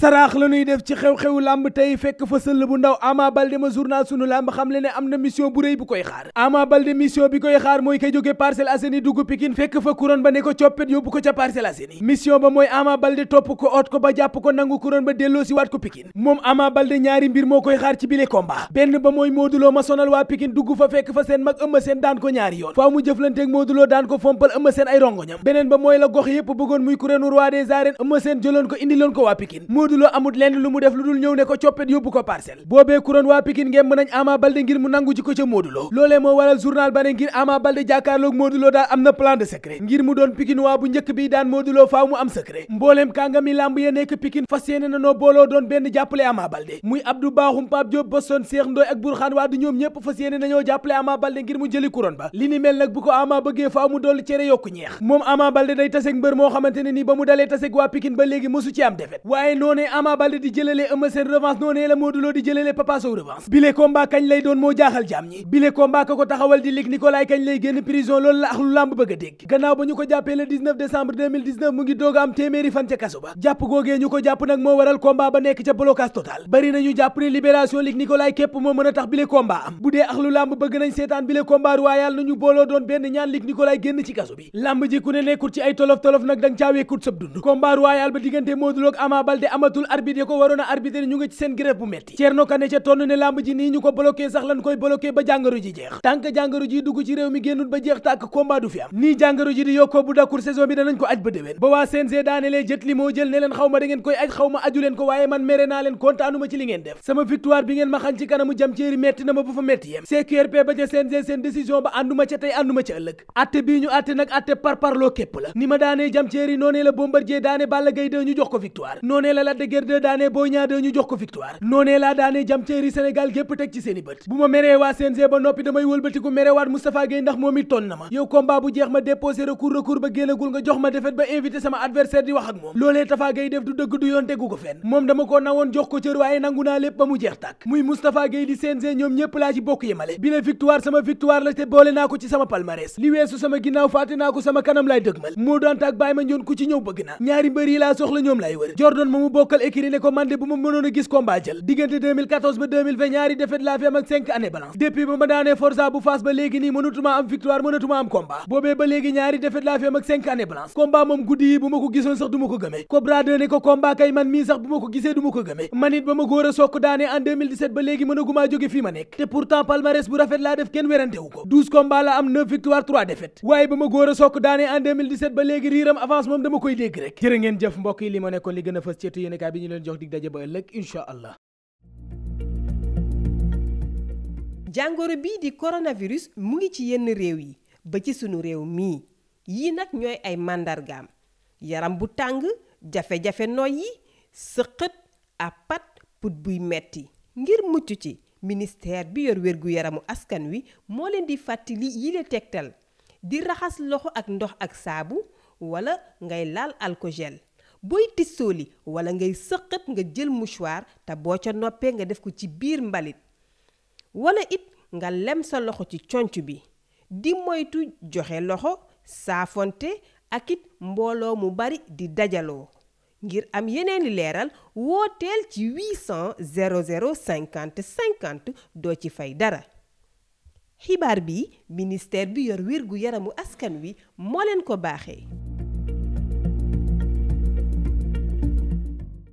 saraax la ñuy def ci xew xew làmb tey fekk fa sëll bu ndaw Ama Baldé ma journal sunu làmb xam le ne am na mission bu rëy bu koy xaar Ama Baldé mission bi koy xaar mooy kay jóge Parcelles Assainies dugg Pikine fekk fa couronne ba ne ko coppet yóbbu ko ca Parcelles Assainies mission ba mooy Ama Baldé topp ko oot ko ba jàpp ko nangu couronne ba delloo si ko Pikine moom Ama Baldé ñaari mbir moo koy xaar ci bile combat benn ba mooy Modou Lo ma sonal waa Pikine dugg fa fekk fa seen mag Eumeu Sène daan ko ñaari yoon faaw mu jëflanteeg Modou Lo amut lenn lu mu def lu dul ñëw ne ko coppet yóbbu ko parcelle boobee kuroon waa Pikine ngeen mën nañ Ama ngir mu nangu ko ca Modou loolee moo waral journal ba ne ngir mu doon Pikine waa bu njëkk bi daan Modou Lo faaw mu am secret mbooleem kàngami làmb ya nekk Pikine fas yéene na noo booloo doon benn jàppale Ama Baldé muy Abdou Bakhoum Pape Diop Boston Cheikh Ndoy ak Bourkhane Wade ñoom ñépp fas yéene nañoo jàppale Ama Baldé ngir mu jëli couronne ba li ni ko Ama bëggee faaw mu dolli cere yokku ñeex moom Ama Baldé day taseeg ne ni ba mu dalee taseeg waa Pikine ba noonee Ama Baldé di jëlalee Eumeu Sène revanche noonee la Modou Lo di jëlalee Papa Sow bile combat kañ lay doon moo jaaxal jaam ñi bile combat ka ko taxawal di Luc Nicolaï kañ lay génn prison loolu la ax làmb bëgg a dégg gannaaw ba ñu ko jàppee le 19 décembre 2019 mu ngi doog téeméeri fan ca kaso ba jàpp googee ñu ko jàpp nag moo waral combat ba nekk ca blocage total bari nañu jàpp ne libération Luc Nicolaï képp moo mën a tax bile combat am nekkatul arbitre ya ko waroon a arbitre ñu ngi ci seen grève ba waa CNG daane jët li moo jël ne leen xaw koy aj xaw aju leen ko waaye man mere naa leen kontaanuma ci li ngeen def sama victoire bi ngeen ma xañ ci kanamu jam ceeri metti na ma bu fa metti yem CQRP ba ca CNG seen décision ba ànduma ca tey ànduma ca ëllëg atte bii ñu atte nag atte parparloo képp la ni ma daanee jam ceeri noonee la Bombardier daane Balla Gaye 2 ñu jox ko victoire noonee la de guerre daane Boy Niang 2 ñu jox ko victoire noonee laa daane jam ceeri gépp teg ci seeni bët ba noppi damay wëlbatiku merewaat Moustapha Gueye ndax moom it ton na ma yow combat bu jeex ma déposé recours recours ba génnagul nga jox ma defet ba invité sama adversaire di wax ak moom loolee Tafa Gueye def du dëgg du yoon tegu ko fenn moom dama ko nawoon jox ko cër waaye nangu naa lépp ba mu jeex tàkk muy Moustapha Gueye di CNG ñoom ñépp laa ci bokk yemale bi la victoire sama victoire la te boole naa ko ci sama palmarès li weesu sama ginnaaw fàtte naa ko sama kanam laay dëgmal moo doon tàkk ñëw bëgg naa ñaari mbër yi laa soxla ñoom lay wër Jordan bokkal écurie ne ko man de bu ma mënoon a gis combat jël diggante 2014 ba 2020 ma daanee Forza bu Fass ba léegi nii mënatuma am victoire mënatuma am combat boobee ba léegi ñaari défaite laa fi am ak 5 balance combat moom guddi bu ma ko gisoon sax du ko gëmee Cobra 2 ne ko kay man mii sax bu ma ko gisee du ko gëmee man ba ma góor a sokk daanee en 2017 ba léegi mënagumaa jóge fii ma nekk te pourtant palmarès bu rafet laa def kenn werante wu ko a sokk daanee en 2017 a fës yéenekaay bi ñu leen jox dig daje ba ëllëg incha jàngoro bii di coronavirus mu ngi ci yenn réew yi ba ci sunu réew mii yii nag ñooy ay màndargaam yaram bu tàng jafe-jafe noyyi sëqët apat put buy metti ngir mucc ci ministère bi yor wérgu yaramu askan wi moo leen di fàttali yile tegtal di raxas loxo ak ndox ak saabu wala ngay laal alkogel booy tissooli wala ngay sëqat nga jël mouchoir te boo ca noppee nga def ko ci biir mbalit wala it nga lem sa loxo ci conc bi di moytu joxe loxo saafonte ak it mbooloo mu bari di dajaloo ngir am yeneeni leeral wooteel ci 800 00 50 50 doo ci fay dara xibaar bi ministère bi yor wér gu yaramu askan wi moo leen ko baaxee